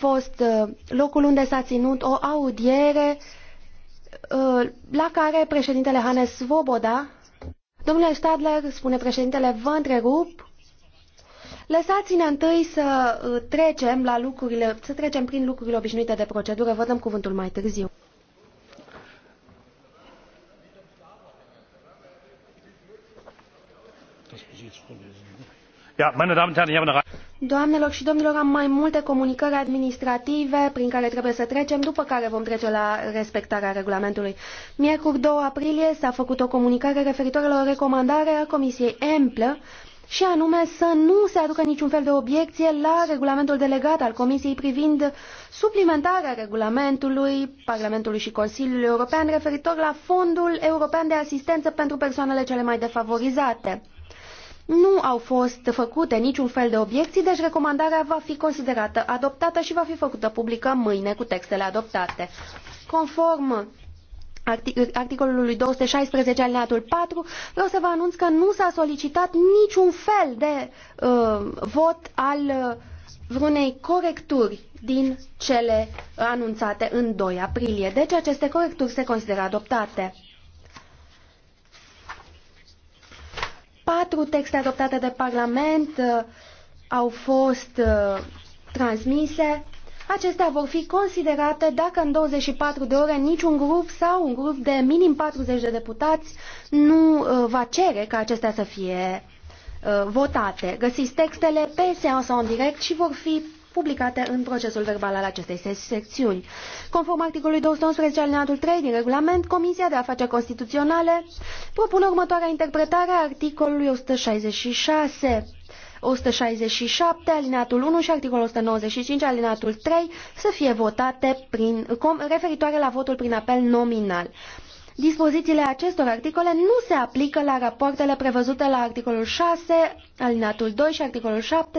fost uh, locul unde s-a ținut o audiere uh, la care președintele Hannes Svoboda, domnule Stadler, spune președintele, vă întrerup, lăsați-ne întâi să uh, trecem, la lucrurile, să trecem prin lucrurile obișnuite de procedură, vă dăm cuvântul mai târziu. Doamnelor și domnilor, am mai multe comunicări administrative prin care trebuie să trecem, după care vom trece la respectarea regulamentului. Miercuri 2 aprilie s-a făcut o comunicare referitoare la o recomandare a Comisiei Emplă și anume să nu se aducă niciun fel de obiecție la regulamentul delegat al Comisiei privind suplimentarea regulamentului Parlamentului și Consiliului European referitor la Fondul European de Asistență pentru persoanele cele mai defavorizate nu au fost făcute niciun fel de obiecții, deci recomandarea va fi considerată adoptată și va fi făcută publică mâine cu textele adoptate. Conform articolului 216 alineatul 4, vreau să vă anunț că nu s-a solicitat niciun fel de uh, vot al uh, vreunei corecturi din cele anunțate în 2 aprilie. Deci aceste corecturi se consideră adoptate. Patru texte adoptate de Parlament uh, au fost uh, transmise. Acestea vor fi considerate dacă în 24 de ore niciun grup sau un grup de minim 40 de deputați nu uh, va cere ca acestea să fie votate. Găsiți textele pe seansa în direct și vor fi publicate în procesul verbal al acestei secțiuni. Conform articolului 211 alineatul 3 din regulament, Comisia de Afaceri Constituționale propune următoarea interpretare a articolului 166. 167 alineatul 1 și articolul 195 alineatul 3 să fie votate prin, referitoare la votul prin apel nominal. Dispozițiile acestor articole nu se aplică la rapoartele prevăzute la articolul 6, alineatul 2 și articolul 7